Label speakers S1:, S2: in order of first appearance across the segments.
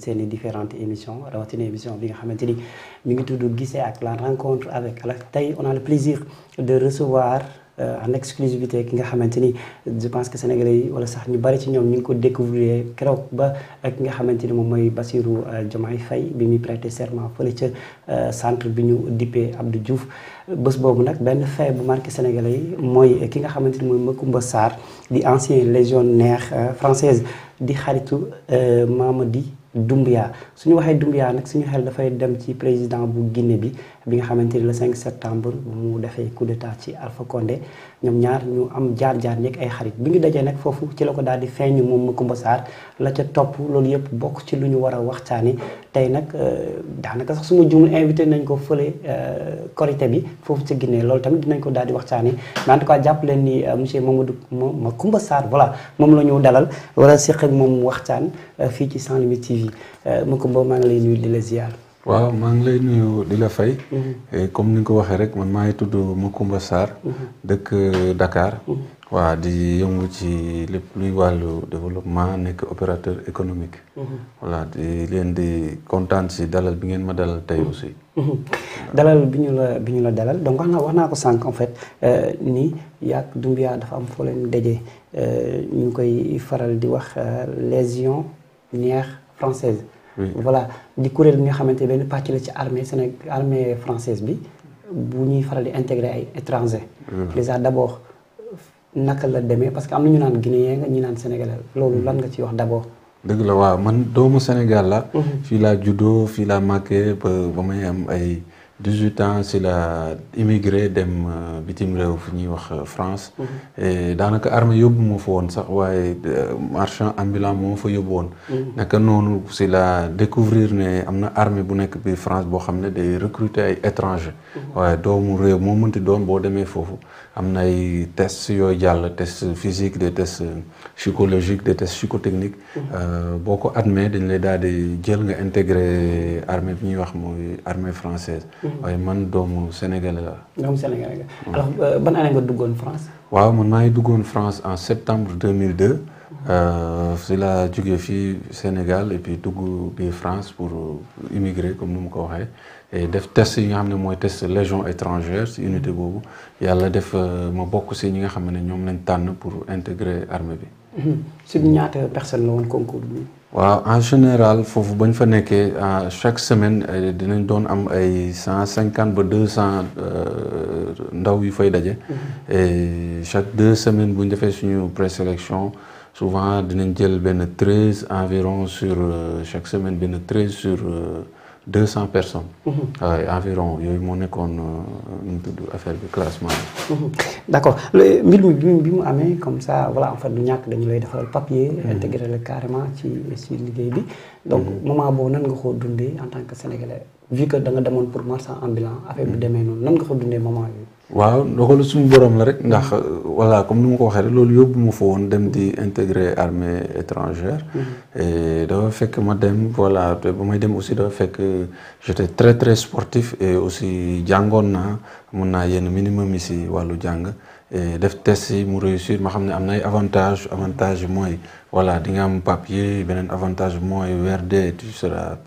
S1: seeni différente émission rawatina émission bi nga xamante ni mi ngi tudd Guissé ak la rencontre avec alors tey on a plaisir de recevoir euh, en exclusivité ki nga xamante ni je pense que sénégalais yi wala sax ñu bari ci ñoom ñu ngi ko découvrir keroog ba ki nga xamante ni moom mooy Bassirou euh, Diomaye fay bi muy prêter serment fële ca euh, centre bi ñu ab du Diouf bés boobu nag benn fait bu marqué sénégalais yi mooy ki nga xamante ni mooy Macoumba Sarr di ancien légionnaire française di xaritu Mamadi Doumbouya suñu waxee Doumbouya nag suñu xel dafay dem ci président bu Guinée bi bi nga xamante ni le 5 septembre mu defee coup d'état ci Alpha ñoom ñaar ñu am jaar-jaar nekk ay xarit bi ñu dajee nag foofu ci la ko daal di feeñ moom Macoumba Sarr la ca topp loolu yëpp bokk ci lu ñu war a waxtaani tey nag euh, daanaka sax su ma jumul invité nañ ko fële euh, Korité bi foofu ci Guinée loolu tamit dinañ ko daal di waxtaani mais en tout jàpp leen ni euh, monsieur Mamadou Macoumba Sarr voilà moom la ñu dalal war a séq ak moom waxtaan fii ci Sans Limites TV Macoumba maa ngi lay nuyu di la
S2: waaw maa ngi lay nuyu di la fay. Mm-hmm. Eh, comme ni nga ko waxee rek man maa ngi tudd Macoumba Sarr. Mm-hmm. dëkk euh, dakaar mm-hmm. waa di yëngu ci lépp luy wàllu développement nekk opérateur économique. voilà di leen di kontaan si dalal bi ngeen ma dalal tey aussi.
S1: dalal bi ñu la bi ñu la dalal donc wax nga wax naa ko sànq en fet euh, ni yàgg Dumbia dafa am foo leen daje euh, ñu ngi koy faral di wax légion nière française voilà di kuréel bi nga xamante benn pàcc la ci armée Sénégal armée française bi bu ñuy faral di intégrer ay de déjà d'abord naka la demee parce que am na ñu naan guinéen nga ñu naan sénégalais loolu mm-hmm. lan nga ci wax d'abord.
S2: dëgg la waaw man doomu Sénégal la. Mm-hmm. fii laa juddoo fii laa màggee ba ba may am ay. 18 ans si la immigré dem euh, bitim réew fu ñuy wax euh, France. Mhm. daanaka armée yóbbu moo fa woon sax waaye euh, marchand ambulant moo fa yóbbu woon. Mhm. naka noonu si la découvrir ne am na armée bu nekk biir France boo xam ne day recruter ay étrangers. Mhm. waaye doomu réew moo mënti doon boo demee foofu am na ay yooy yooyu jàll test physique des tests psychologiques des tests psychotechniques. boo ko admee dañ lay daal di jël nga intégré armée bi ñuy wax mooy armée française. waaye man doomu sénégalais la. doomu sénégalais la alors euh, ban année duggoon France. waaw man maa ngi duggoon France en septembre 2002. Euh, si la jógee fi Sénégal et puis dugg bi France pour euh, immigrer comme ni mu ko waxee et def test yi nga xam ne mooy test légion étrangère si unité boobu yàlla def ma bokk si ñi nga xam ne ñoom lañ tànn pour intégrer armée bi.
S1: si ñaata personne la
S2: waaw en général foofu ba fa nekkee chaque semaine euh, dinañ doon am ay cent cinquante ba deux cent euh, ndaw yu fay daje. Mhm. chaque deux semaine bu defee suñu présélection souvent dinañ jël benn treize environ sur euh, chaque semaine benn treize sur. deux cent personnes. waaye mhm. euh, environ yooyu moo nekkoon euh, nu mu tudd affaire bi classement bi.
S1: Mhm. d' accord mbir mi bi mu amee comme ça voilà en fait du ñàkk dañu lay defaral papier. Mhm. intégré la carrément ci liggéey bi. donc moment boobu nan nga koo dundee en tant que sénégalais vu que da nga demoon pour marchand ambulant affaire bi demee noonu nan nga ko dundee moment yooyu.
S2: waaw ndogalu suñu borom la rek ndax euh, voilà comme ni ma ko waxee loolu yóbbu mu fa woon dem di intégrer armée étrangère. Mm-hmm. et dafa fekk ma dem voilà te ba may dem aussi dafa fekk euh, j'étais très très sportif et aussi jàngoon naa mun naa yenn minimum yi si wàllu jàng. def test yi mu réussir ma xam ne am na ay avantages avantage yi voilà di nga am papier beneen avantage mooy weer dee tu seras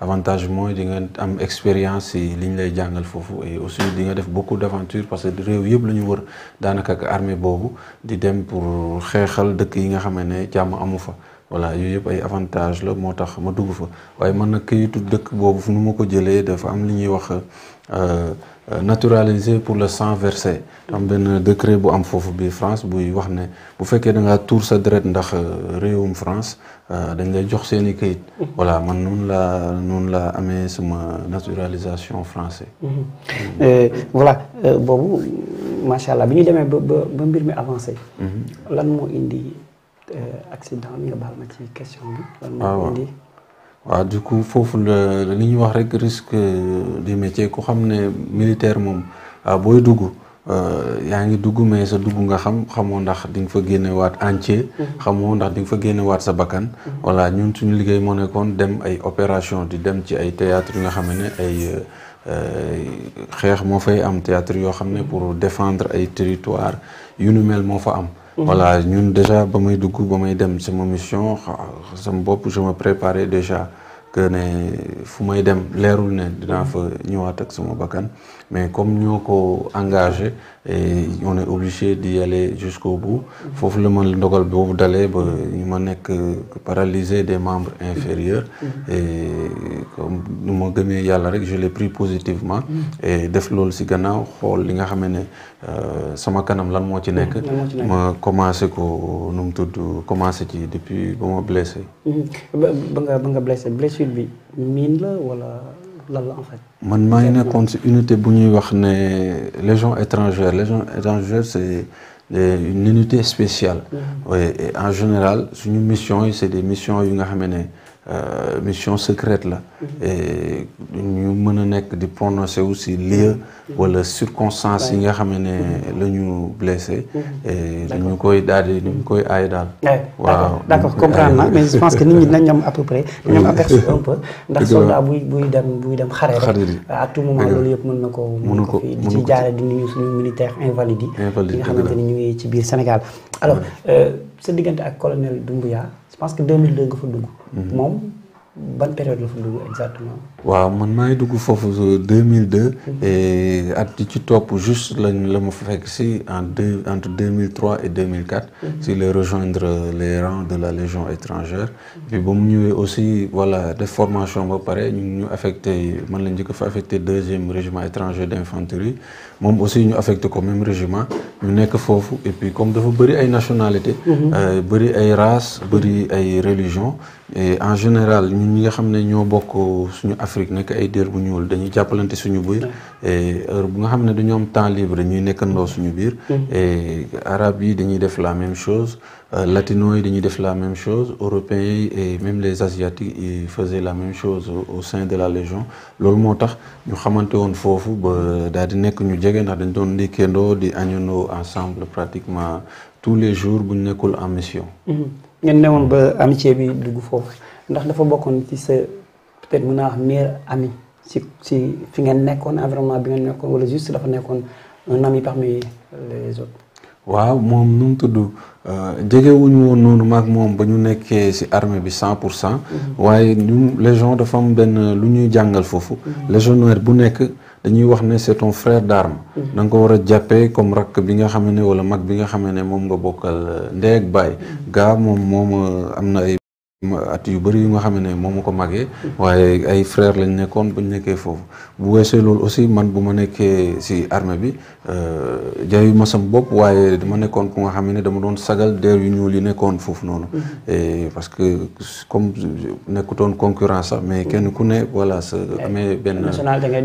S2: avantage mooy di nga am expérience yi li ñu lay jàngal foofu et aussi di nga def beaucoup d' parce que réew yëpp la ñu wër daanaka ak boobu di dem pour xeexal dëkk yi nga xam ne jàmm amu fa. voilà yooyu yëpp ay avantage la moo tax ma dugg fa waaye man nag kayitu dëkk boobu fu nu ma ko jëlee dafa am li ñuy wax. Euh, Euh, naturalisé pour le sang versé. am benn décret bu am foofu bi France buy wax ne bu fekkee da ngaa tuur sa deret ndax euh, réewum France euh, dañ lay jox seen i këyit. voilà man noonu la noonu laa amee suma naturalisation français. Mm-hmm.
S1: Mm-hmm. voilà boobu macha allah bi ñu demee ba ba mbir mi avancé. Mm-hmm. lan moo indi accident bi nga baal ma ci question bi. lan moo ah, indi.
S2: waa du coup foofu la li ñuy wax rek risque euh, di métier ku xam ne militaire moom booy dugg euh, yaa ngi dugg mais sa dugg nga xam xamoo ndax di nga fa génne waat entier. Mm-hmm. xamoo ndax di nga fa génne waat sa bakkan. Mm-hmm. voilà ñun suñu liggéey moo nekkoon dem ay opération di dem ci ay théâtre yu nga xam ne ay. Euh, xeex moo fay am théâtre yoo xam ne mm-hmm. pour défendre ay territoire yu nu mel moo fa am voilà ñun déjà ba muy dugg ba muy dem sama mission sama bopp je me préparais déjà que ne fu may dem leerul ne dinaa fa ñëwaat ak sama bakkan mais comme ñoo ko engagé et on est obligé d'y aller jusqu'au bout foofu la ma ndogal boobu dalee ba ñu ma nekk paralysé des membres inférieurs et comme nu yàlla rek je l'ai pris def loolu si gannaaw xool li nga xam ne euh, sama kanam lan moo ci nekk ma commencé ko nu tudd commencé ci depuis ba ma blessé
S1: mm-hmm. calcul bi la wala lan la en
S2: man maa ngi nekkoon si bu ñuy wax ne légion étrangère légion étrangère c'est une unité spéciale. Mm-hmm. oui et en général suñu mission yi c'est des missions yi nga xam ne. Euh, mission secrète la. Mhm. et ñu mën a nekk di prononcer aussi lieu. Mhm. wala circonstance yi nga xam ne mhm. la ñu blessé. et dañu koy daal di dañu koy aay daal. waaw d' accord comprendre naa mais je pense que nit ñi
S1: dinañ am à peu près. dinañ am aperçu un peu ndax soldat buy buy dem buy dem xare rek. à tout moment loolu yëpp mën na ko mën na ko fi di ci jaare di nuyu suñu militaire invalide yi. invalide yi nga xamante ni ñu ngi ci biir Sénégal. alors euh, sa diggante ak colonel Doumbouya je pense que 2002 nga fa dugg mhm. moom ban période la
S2: waaw man maa ngi dugg foofu 2002. Mhm. et at yi ci topp juste lañ la ma fekk si en deux entre 2003 et 2004. Mhm. si les rejoindre les ran de la légion étrangère. puis ba mu ñëwee aussi voilà de formation ba pare ñu ñu affecté man lañ njëkk fa affecté deuxième régiment étranger d' infanterie moom aussi ñu affecté ko même régiment ñu nekk foofu et comme dafa bëri ay nationalité mhm. euh, bëri ay race bëri ay religion en général ñun ñi nga xam ne ñoo bokk suñu Afrique nekk ay déer bu ñuul dañuy jàppalante suñu biir et heure bu nga xam ne dañoo am temps libre ñuy nekkandoo suñu biir mm-hmm. et arabe yi dañuy def la même chose euh, latino yi dañuy def la même chose européens yi et même les asiatiques ils faisaient la même chose au sein de la légion loolu moo tax ñu xamante woon foofu ba daal di nekk ñu jege ndax dañ doon ndékkeendoo di añandoo ensemble pratiquement tous les jours bu ñu nekkul en mission
S1: mm-hmm. ngeen newoon ba amitié bi dugg foofu ndax dafa bokkoon ci sa peut mu naa wax meilleur ami si si fi ngeen nekkoon avraiment bi ngeen nekkoon wala juste dafa nekkoon un ami parmi les autres.
S2: waaw moom nu mu tudd euh, jegewuñu woon noonu maag moom ba ñu nekkee si armée bi cent pour cent. Mhm. waaye ñu légion dafa am benn lu ñuy jàngal foofu. Mhm. légionnaire bu nekk. dañuy wax ne ceton ton frère d'armes mm-hmm. ko war a jàppee comme rakk bi nga xam ne wala mag bi nga xam ne moom nga bokkal euh, ndey ak baay mm-hmm. gaa moom moom euh, am na ay at yu bëri yu nga xam ne moom ma ko màggee waaye ay frère lañ nekkoon bu ñu nekkee foofu bu weesee loolu aussi man bu ma nekkee si armée bi euh, jayu ma sam bopp waaye dama nekkoon ku nga xam ne dama doon sagal deer yu ñuul yi nekkoon foofu noonu mm-hmm. et parce que comme nekkutoon concurrence mais kenn ku ne voilà sa amee benn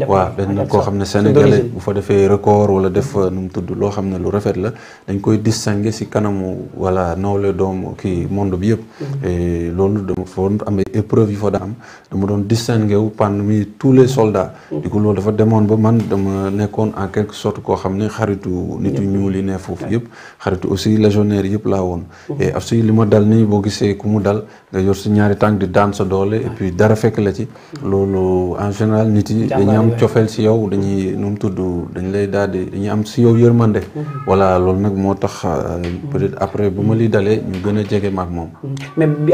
S2: waaw benn koo xam ne sénégalais bu fa defee record wala def euh, nu mu tudd loo xam ne lu rafet la dañ koy distinguer si kanamu voilà nawle doom kii monde bi yëpp mm-hmm. woon dama fa woon am ay épreuve yi da am dama tous les soldats di ko loolu dafa demoon ba man dama nekkoon en quelque sorte koo xam ne xaritu nit yu ñuul yi ne foofu yëpp xaritu aussi légionnaire yëpp laa woon aussi li ma dal nii boo gisee ku mu dal nga yor si ñaari tànk di daan sa doole et puis dara fekk la ci loolu en général nit yi dañuy am cofeel si yow dañuy nu mu tudd dañ lay daal di am si yow yërmande mhm. voilà loolu nag moo tax euh, peut-être après bu ma li dalee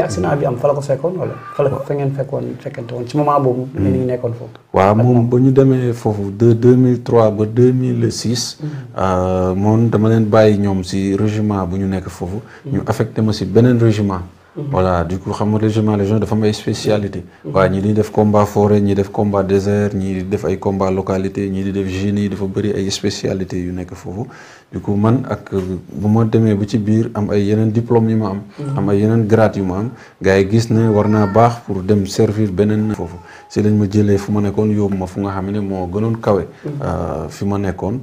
S1: a jege bi am fa la ko fekkoon wala fa ko fa ngeen fekkoon fekkente woon ci moment boobu. ñu hmm. ngi nekkoon foofu.
S2: waaw moom ba ñu demee foofu de hmm. euh, moom dama leen bàyyi ñoom si régiment bu ñu nekk foofu. Hmm. ñu affecté ma si beneen régiment. voilà du coup xam nga régiment légion dafa am ay spécialité waa ñii di def combat forêt ñi def combat désert ñi def ay combat localité ñi di def génie dafa bëri ay spécialité yu nekk foofu du coup man ak euh, bu ma demee bu ci biir am ay yeneen diplôme yu ma am mm-hmm. am ay yeneen grade yu ma am gars gis ne war naa baax pour dem servir beneen foofu si lañ ma jëlee fu ma nekkoon yóbbu ma fu nga xam ne moo gënoon kawe mm-hmm. euh, fi ma nekkoon